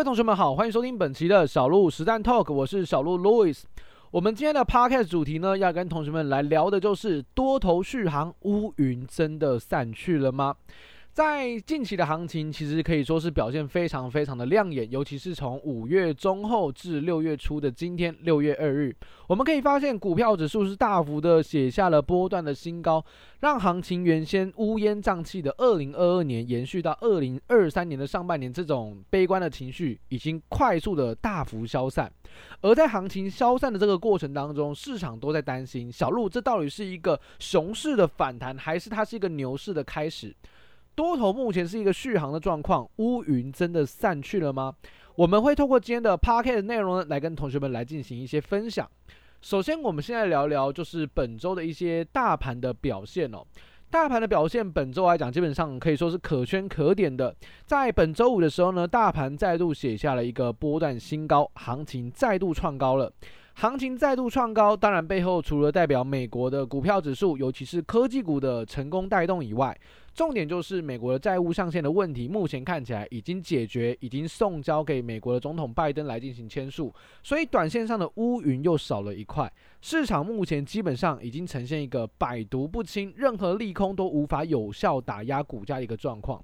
各位同學們好，歡迎收聽本期的小鹿實戰 Talk，我是小鹿 Louis。我們今天的 Podcast 主題呢，要跟同學們來聊的就是多頭續航烏雲真的散去了嗎？在近期的行情，其實可以說是表現非常非常的亮眼，尤其是從五月中後至六月初的今天六月二日，我們可以發現股票指數是大幅的寫下了波段的新高，讓行情原先烏煙瘴氣的二零二二年延續到二零二三年的上半年，這種悲觀的情緒已經快速的大幅消散。而在行情消散的這個過程當中，市場都在擔心，小鹿這到底是一個熊市的反彈，還是它是一個牛市的開始？多頭目前是一個續航的狀況，烏雲真的散去了嗎？我們會透過今天的 podcast 內容呢，來跟同學們來進行一些分享。首先，我們現在聊一聊就是本周的一些大盤的表現哦。大盤的表現本周來講，基本上可以說是可圈可點的。在本周五的時候呢，大盤再度寫下了一個波段新高，行情再度創高了。行情再度創高，當然背後除了代表美國的股票指數，尤其是科技股的成功帶動以外，重點就是美國的債務上限的問題。目前看起來已經解決，已經送交給美國的總統拜登來進行簽署，所以短線上的烏雲又少了一塊。市場目前基本上已經呈現一個百毒不侵，任何利空都無法有效打壓股價的一個狀況。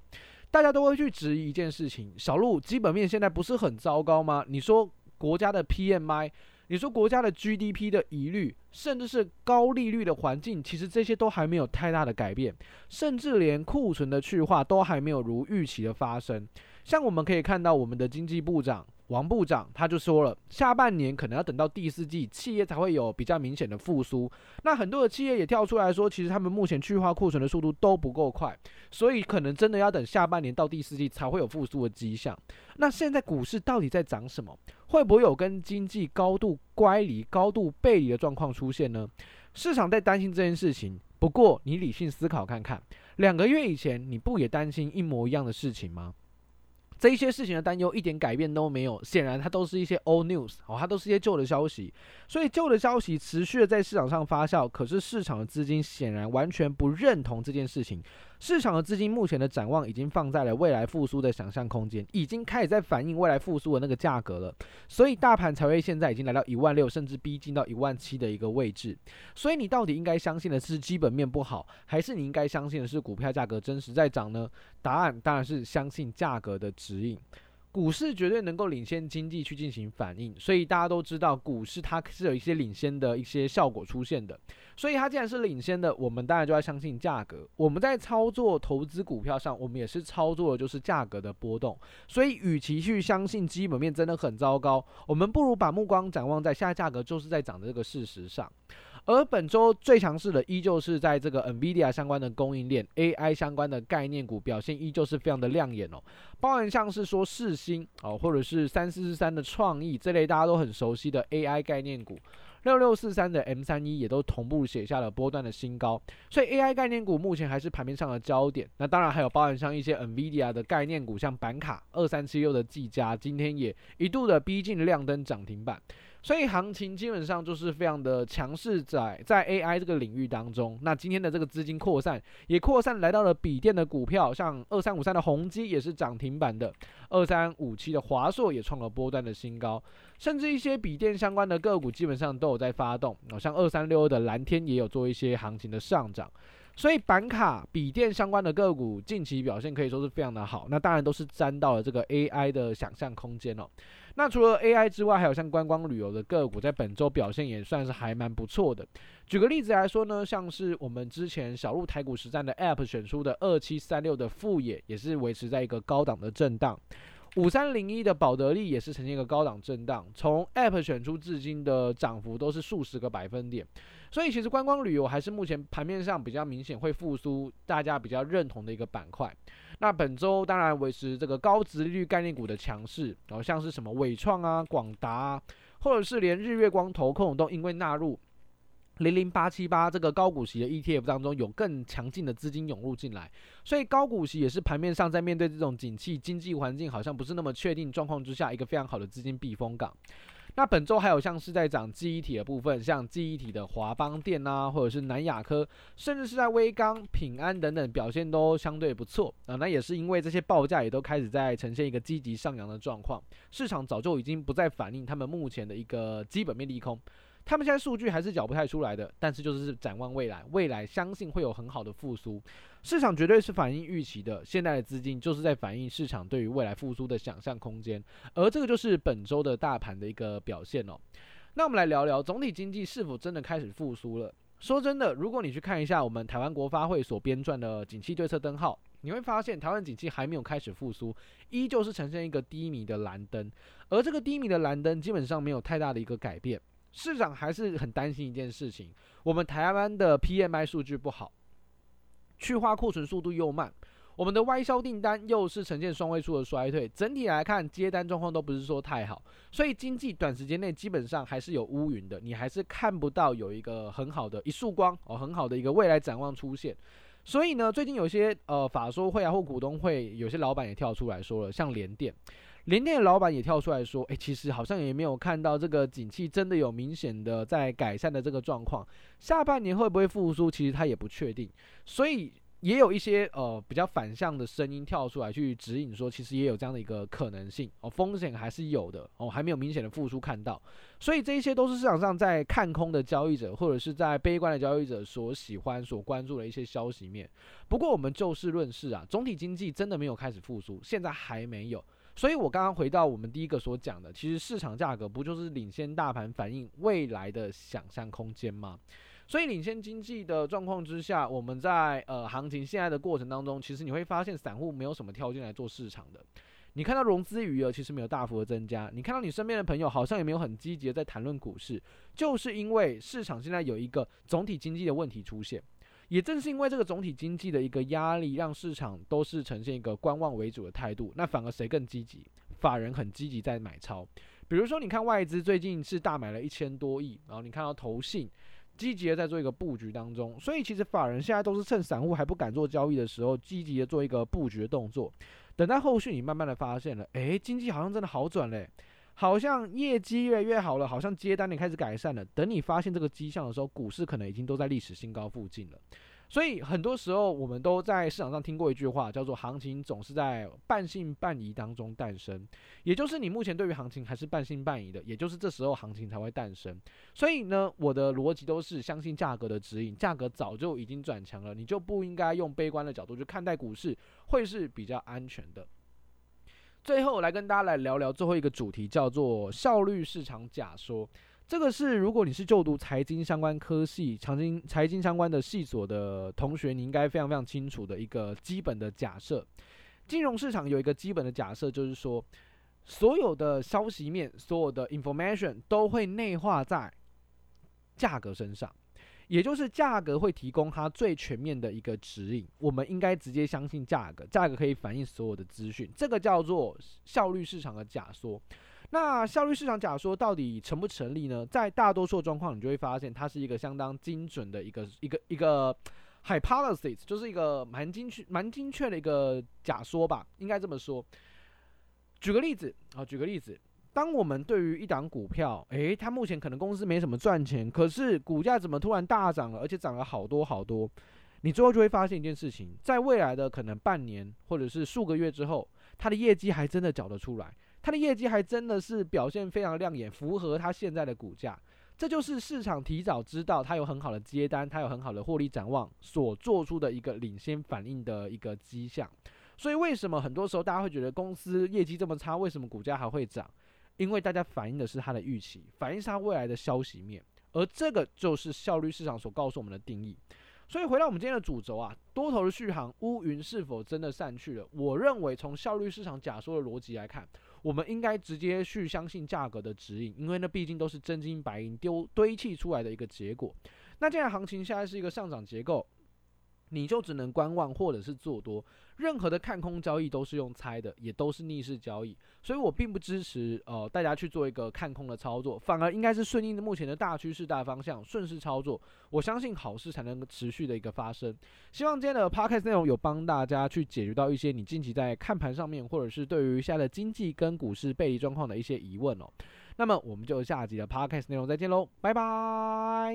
大家都會去質疑一件事情：小鹿基本面現在不是很糟糕嗎？你說國家的 PMI？你說國家的 GDP 的疑慮，甚至是高利率的環境，其實這些都還沒有太大的改變，甚至連庫存的去化都還沒有如預期的發生。像我們可以看到我們的經濟部長。王部長他就說了，下半年可能要等到第四季，企業才會有比較明顯的復甦。那很多的企業也跳出來說，其實他們目前去化庫存的速度都不夠快，所以可能真的要等下半年到第四季才會有復甦的跡象。那現在股市到底在漲什麼？會不會有跟經濟高度乖離、高度背離的狀況出現呢？市場在擔心這件事情，不過你理性思考看看，兩個月以前你不也擔心一模一樣的事情嗎？這一些事情的擔憂一點改變都沒有，顯然它都是一些 old news，哦，它都是一些舊的消息，所以舊的消息持續的在市場上發酵，可是市場的資金顯然完全不認同這件事情。市場的資金目前的展望已經放在了未來復甦的想象空間，已經開始在反映未來復甦的那個價格了，所以大盤才會現在已經來到一萬六，甚至逼近到一萬七的一個位置。所以你到底應該相信的是基本面不好，還是你應該相信的是股票價格真實在漲呢？答案當然是相信價格的指引。股市絕對能夠領先經濟去進行反應，所以大家都知道股市它是有一些領先的一些效果出現的。所以它既然是領先的，我們當然就要相信價格。我們在操作投資股票上，我們也是操作的就是價格的波動。所以，與其去相信基本面真的很糟糕，我們不如把目光展望在現在價格就是在漲的這個事實上。而本周最強勢的依舊是在這個 Nvidia 相關的供應鏈、AI 相關的概念股表現依舊是非常的亮眼哦，包含像是說世芯哦，或者是三四四三的創意這類大家都很熟悉的 AI 概念股，六六四三的 M 三一也都同步寫下了波段的新高，所以 AI 概念股目前還是盤面上的焦點。那當然還有包含像一些 Nvidia 的概念股，像板卡二三七六的技嘉今天也一度的逼近亮燈漲停板。所以行情基本上就是非常的強勢，在在 AI 這個領域當中。那今天的這個資金擴散，也擴散來到了筆電的股票，像二三五三的宏碁也是漲停板的，二三五七的華碩也創了波段的新高，甚至一些筆電相關的個股基本上都有在發動。像二三六二的藍天也有做一些行情的上漲。所以板卡、筆電相關的個股近期表現可以說是非常的好，那當然都是沾到了這個 AI 的想象空間哦。那除了 AI 之外，還有像觀光旅遊的個股，在本周表現也算是還蠻不錯的。舉個例子來說呢，像是我們之前小鹿台股實戰的 App 選出的二七三六的富野，也是維持在一個高檔的震盪；五三零一的寶得利也是呈現一個高檔震盪，從 App 選出至今的漲幅都是數十個百分點。所以其實觀光旅遊還是目前盤面上比較明顯會復甦，大家比較認同的一個板塊。那本周當然維持這個高值利率概念股的強勢，然後像是什麼偉創啊、廣達、啊，或者是連日月光投控都因為納入零零八七八這個高股息的 ETF 當中，有更強勁的資金湧入進來。所以高股息也是盤面上在面對這種景氣經濟環境好像不是那麼確定狀況之下，一個非常好的資金避風港。那本週還有像是在講記憶體的部分，像記憶體的華邦電啊，或者是南亞科，甚至是在威剛、品安等等表現都相對不錯啊、呃。那也是因為這些報價也都開始在呈現一個積極上揚的狀況，市場早就已經不再反映他們目前的一個基本面利空，他們現在數據還是繳不太出來的，但是就是展望未來，未來相信會有很好的復甦。市場絕對是反映預期的，現在的資金就是在反映市場對於未來復甦的想象空間，而這個就是本周的大盤的一個表現哦。那我們來聊聊總體經濟是否真的開始復甦了？說真的，如果你去看一下我們台灣國發會所編撰的《景氣對策燈號》，你會發現台灣景氣還沒有開始復甦，依舊是呈現一個低迷的藍燈，而這個低迷的藍燈基本上沒有太大的一個改變。市場還是很擔心一件事情，我們台灣的 PMI 數據不好，去化庫存速度又慢，我們的外銷訂單又是呈現雙位數的衰退，整體來看接單狀況都不是說太好，所以經濟短時間內基本上還是有烏雲的，你還是看不到有一個很好的一束光哦，很好的一個未來展望出現。所以呢，最近有些呃法說會啊或股東會，有些老闆也跳出來說了，像聯電。聯電的老闆也跳出來說：“誒、欸，其實好像也沒有看到這個景氣真的有明顯的在改善的這個狀況。下半年會不會復甦？其實他也不確定。所以也有一些呃比較反向的聲音跳出來去指引說，其實也有這樣的一個可能性哦，風險還是有的哦，還沒有明顯的復甦看到。所以這一些都是市場上在看空的交易者或者是在悲觀的交易者所喜歡所關注的一些消息面。不過我們就事論事啊，總體經濟真的沒有開始復甦，現在還沒有。”所以，我剛剛回到我們第一個所講的，其實市場價格不就是領先大盤，反映未來的想象空間嗎？所以，領先經濟的狀況之下，我們在呃行情現在的過程當中，其實你會發現散戶沒有什麼條件來做市場的。你看到融資餘額其實沒有大幅的增加，你看到你身邊的朋友好像也沒有很積極的在談論股市，就是因為市場現在有一個總體經濟的問題出現。也正是因為這個總體經濟的一個壓力，讓市場都是呈現一個觀望為主的態度。那反而誰更積極？法人很積極在買超。比如說，你看外資最近是大買了一千多億，然後你看到投信積極的在做一個布局當中。所以其實法人現在都是趁散戶還不敢做交易的時候，積極的做一個布局的動作，等到後續你慢慢的發現了，誒、欸，經濟好像真的好轉嘞、欸。好像業績越來越好了，好像接單也開始改善了。等你發現這個跡象的時候，股市可能已經都在歷史新高附近了。所以很多時候我們都在市場上聽過一句話，叫做“行情總是在半信半疑當中誕生”。也就是你目前對於行情還是半信半疑的，也就是這時候行情才會誕生。所以呢，我的邏輯都是相信價格的指引，價格早就已經轉強了，你就不應該用悲觀的角度去看待股市，會是比較安全的。最後我來跟大家來聊聊最後一個主題，叫做效率市場假說。這個是如果你是就讀財經相關科系、財經財經相關的系所的同學，你應該非常非常清楚的一個基本的假設。金融市場有一個基本的假設，就是說所有的消息面、所有的 information 都會內化在價格身上。也就是價格會提供它最全面的一個指引，我們應該直接相信價格，價格可以反映所有的資訊，這個叫做效率市場的假說。那效率市場假說到底成不成立呢？在大多數狀況，你就會發現它是一個相當精準的一個、一個、一個 hypothesis，就是一個蠻精確、蠻精確的一個假說吧，應該這麼說。舉個例子啊，舉個例子。當我們對於一檔股票，誒、欸，它目前可能公司沒什麼賺錢，可是股價怎麼突然大漲了，而且漲了好多好多，你最後就會發現一件事情，在未來的可能半年或者是數個月之後，它的業績還真的繳得出來，它的業績還真的是表現非常亮眼，符合它現在的股價，這就是市場提早知道它有很好的接單，它有很好的獲利展望所做出的一個領先反應的一個跡象。所以為什麼很多時候大家會覺得公司業績這麼差，為什麼股價還會漲？因為大家反映的是它的預期，反映是它未來的消息面，而這個就是效率市場所告訴我們的定義。所以回到我們今天的主軸啊，多頭的續航烏雲是否真的散去了？我認為從效率市場假說的邏輯來看，我們應該直接去相信價格的指引，因為那畢竟都是真金白銀丟堆砌出來的一個結果。那既然行情現在是一個上漲結構，你就只能觀望或者是做多，任何的看空交易都是用猜的，也都是逆勢交易，所以我並不支持呃大家去做一個看空的操作，反而應該是順應目前的大趨勢大方向順勢操作。我相信好事才能持續的一個發生。希望今天的 Podcast 內容有幫大家去解決到一些你近期在看盤上面或者是對於現在的經濟跟股市背離狀況的一些疑問哦。那麼我們就下集的 Podcast 內容再見嘍，拜拜。